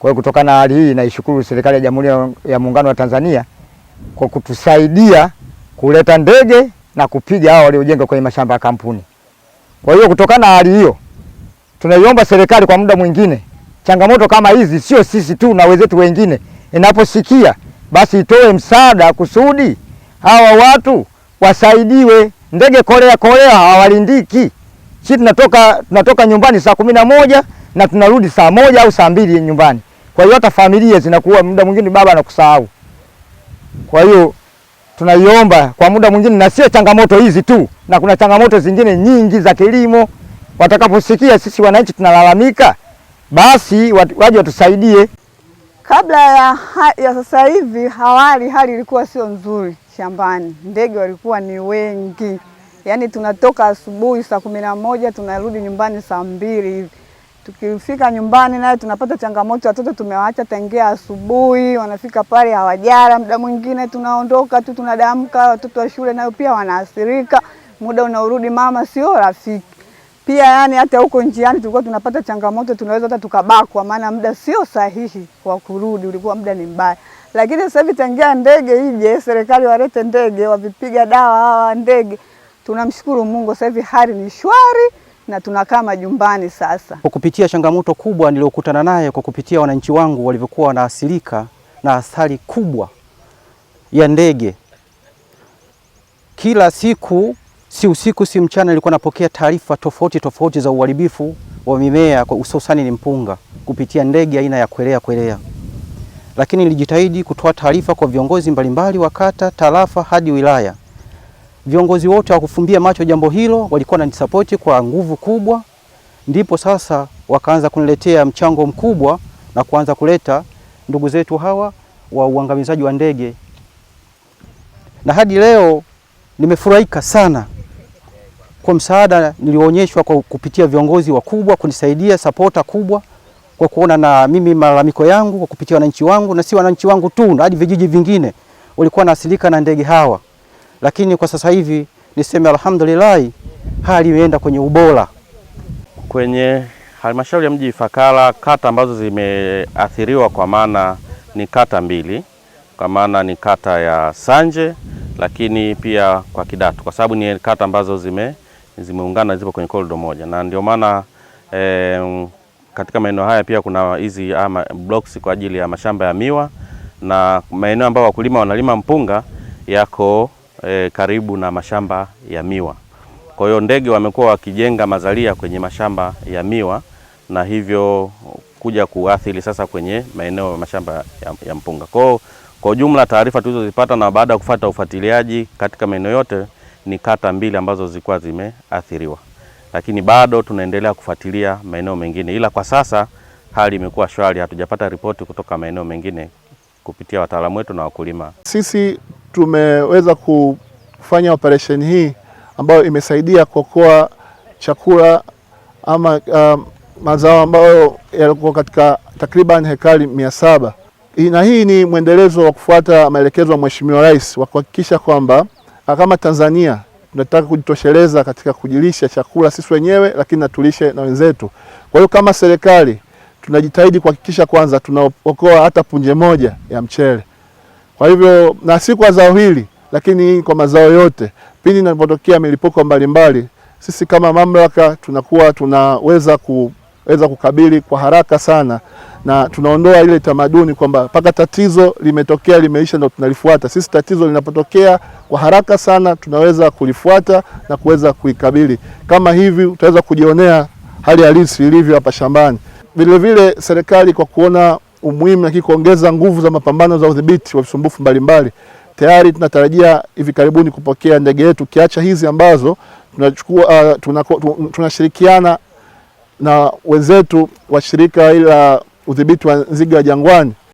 Kwa hiyo kutokana na hali hii, naishukuru serikali ya Jamhuri ya Muungano wa Tanzania kwa kutusaidia kuleta ndege na kupiga hao waliojenga kwenye mashamba ya kampuni. Kwa hiyo kutokana na hali hiyo, tunaiomba serikali kwa muda mwingine, changamoto kama hizi sio sisi tu na wenzetu wengine, inaposikia basi itoe msaada kusudi hawa watu wasaidiwe. Ndege Korea Korea hawalindiki. Sisi tunatoka tunatoka nyumbani saa kumi na moja na tunarudi saa moja au saa mbili nyumbani. Kwa hiyo hata familia zinakuwa muda mwingine baba anakusahau. Kwa hiyo tunaiomba kwa muda mwingine, na sio changamoto hizi tu, na kuna changamoto zingine nyingi za kilimo. Watakaposikia sisi wananchi tunalalamika, basi waje watusaidie. Kabla ya, ya sasa hivi, hawali hali ilikuwa sio nzuri shambani, ndege walikuwa ni wengi, yaani tunatoka asubuhi saa kumi na moja tunarudi nyumbani saa mbili hivi tukifika nyumbani naye tunapata changamoto, watoto tumewaacha tangia asubuhi, wanafika pale hawajala. Muda mwingine tunaondoka tu tunadamka, watoto wa shule nayo pia wanaathirika. Muda unaurudi mama sio rafiki pia, yani hata huko njiani tulikuwa tunapata changamoto, tunaweza hata tukabakwa, maana muda sio sahihi wa kurudi, ulikuwa muda ni mbaya. Lakini sasa hivi tangia ndege ije, serikali walete ndege, wavipiga dawa hawa ndege, tunamshukuru Mungu, sasa hivi hali ni shwari na tunakaa majumbani sasa. Kwa kupitia changamoto kubwa niliyokutana naye kwa kupitia wananchi wangu walivyokuwa wanaasirika na athari kubwa ya ndege, kila siku, si usiku si mchana, nilikuwa napokea taarifa tofauti tofauti za uharibifu wa mimea kwa hususani ni mpunga kupitia ndege aina ya kwelea kwelea, lakini nilijitahidi kutoa taarifa kwa viongozi mbalimbali wa kata, tarafa hadi wilaya Viongozi wote wakufumbia macho jambo hilo, walikuwa wananisapoti kwa nguvu kubwa, ndipo sasa wakaanza kuniletea mchango mkubwa na kuanza kuleta ndugu zetu hawa wa uangamizaji wa ndege, na hadi leo nimefurahika sana kwa msaada nilioonyeshwa kwa kupitia viongozi wakubwa kunisaidia, sapota kubwa kwa kuona na mimi malalamiko yangu kwa kupitia wananchi wangu, na si wananchi wangu tu, hadi vijiji vingine walikuwa naasilika na ndege hawa lakini kwa sasa hivi niseme alhamdulillah, hali imeenda kwenye ubora. Kwenye halmashauri ya mji Ifakara, kata ambazo zimeathiriwa kwa maana ni kata mbili, kwa maana ni kata ya Sanje lakini pia kwa Kidatu, kwa sababu ni kata ambazo zime zimeungana zipo kwenye korido moja, na ndio maana e, katika maeneo haya pia kuna hizi ama blocks kwa ajili ya mashamba ya miwa na maeneo ambayo wakulima wanalima mpunga yako e, karibu na mashamba ya miwa. Kwa hiyo ndege wamekuwa wakijenga mazalia kwenye mashamba ya miwa na hivyo kuja kuathiri sasa kwenye maeneo ya mashamba ya, ya mpunga. Kwa kwa ujumla taarifa tulizozipata na baada ya kufata ufuatiliaji katika maeneo yote ni kata mbili ambazo zilikuwa zimeathiriwa, lakini bado tunaendelea kufuatilia maeneo mengine, ila kwa sasa hali imekuwa shwari, hatujapata ripoti kutoka maeneo mengine kupitia wataalamu wetu na wakulima. Sisi tumeweza kufanya operesheni hii ambayo imesaidia kuokoa chakula ama um, mazao ambayo yalikuwa katika takriban hekari mia saba na hii ni mwendelezo wa kufuata maelekezo ya Mheshimiwa Rais wa kuhakikisha kwamba ah, kama Tanzania tunataka kujitosheleza katika kujilisha chakula sisi wenyewe, lakini natulishe na wenzetu. Kwa hiyo kama serikali tunajitahidi kuhakikisha kwanza tunaokoa hata punje moja ya mchele. Kwa hivyo na si kwa zao hili, lakini kwa mazao yote, pindi inapotokea milipuko mbalimbali, sisi kama mamlaka tunakuwa tunaweza kuweza kukabili kwa haraka sana, na tunaondoa ile tamaduni kwamba mpaka tatizo limetokea limeisha ndio tunalifuata. Sisi tatizo linapotokea kwa haraka sana tunaweza kulifuata na kuweza kuikabili. Kama hivi utaweza kujionea hali halisi ilivyo hapa shambani. Vilevile serikali kwa kuona umuhimu na kuongeza nguvu za mapambano za udhibiti wa visumbufu mbalimbali, tayari tunatarajia hivi karibuni kupokea ndege yetu kiacha hizi ambazo tunachukua uh, tunashirikiana na wenzetu wa shirika la udhibiti wa nzige wa jangwani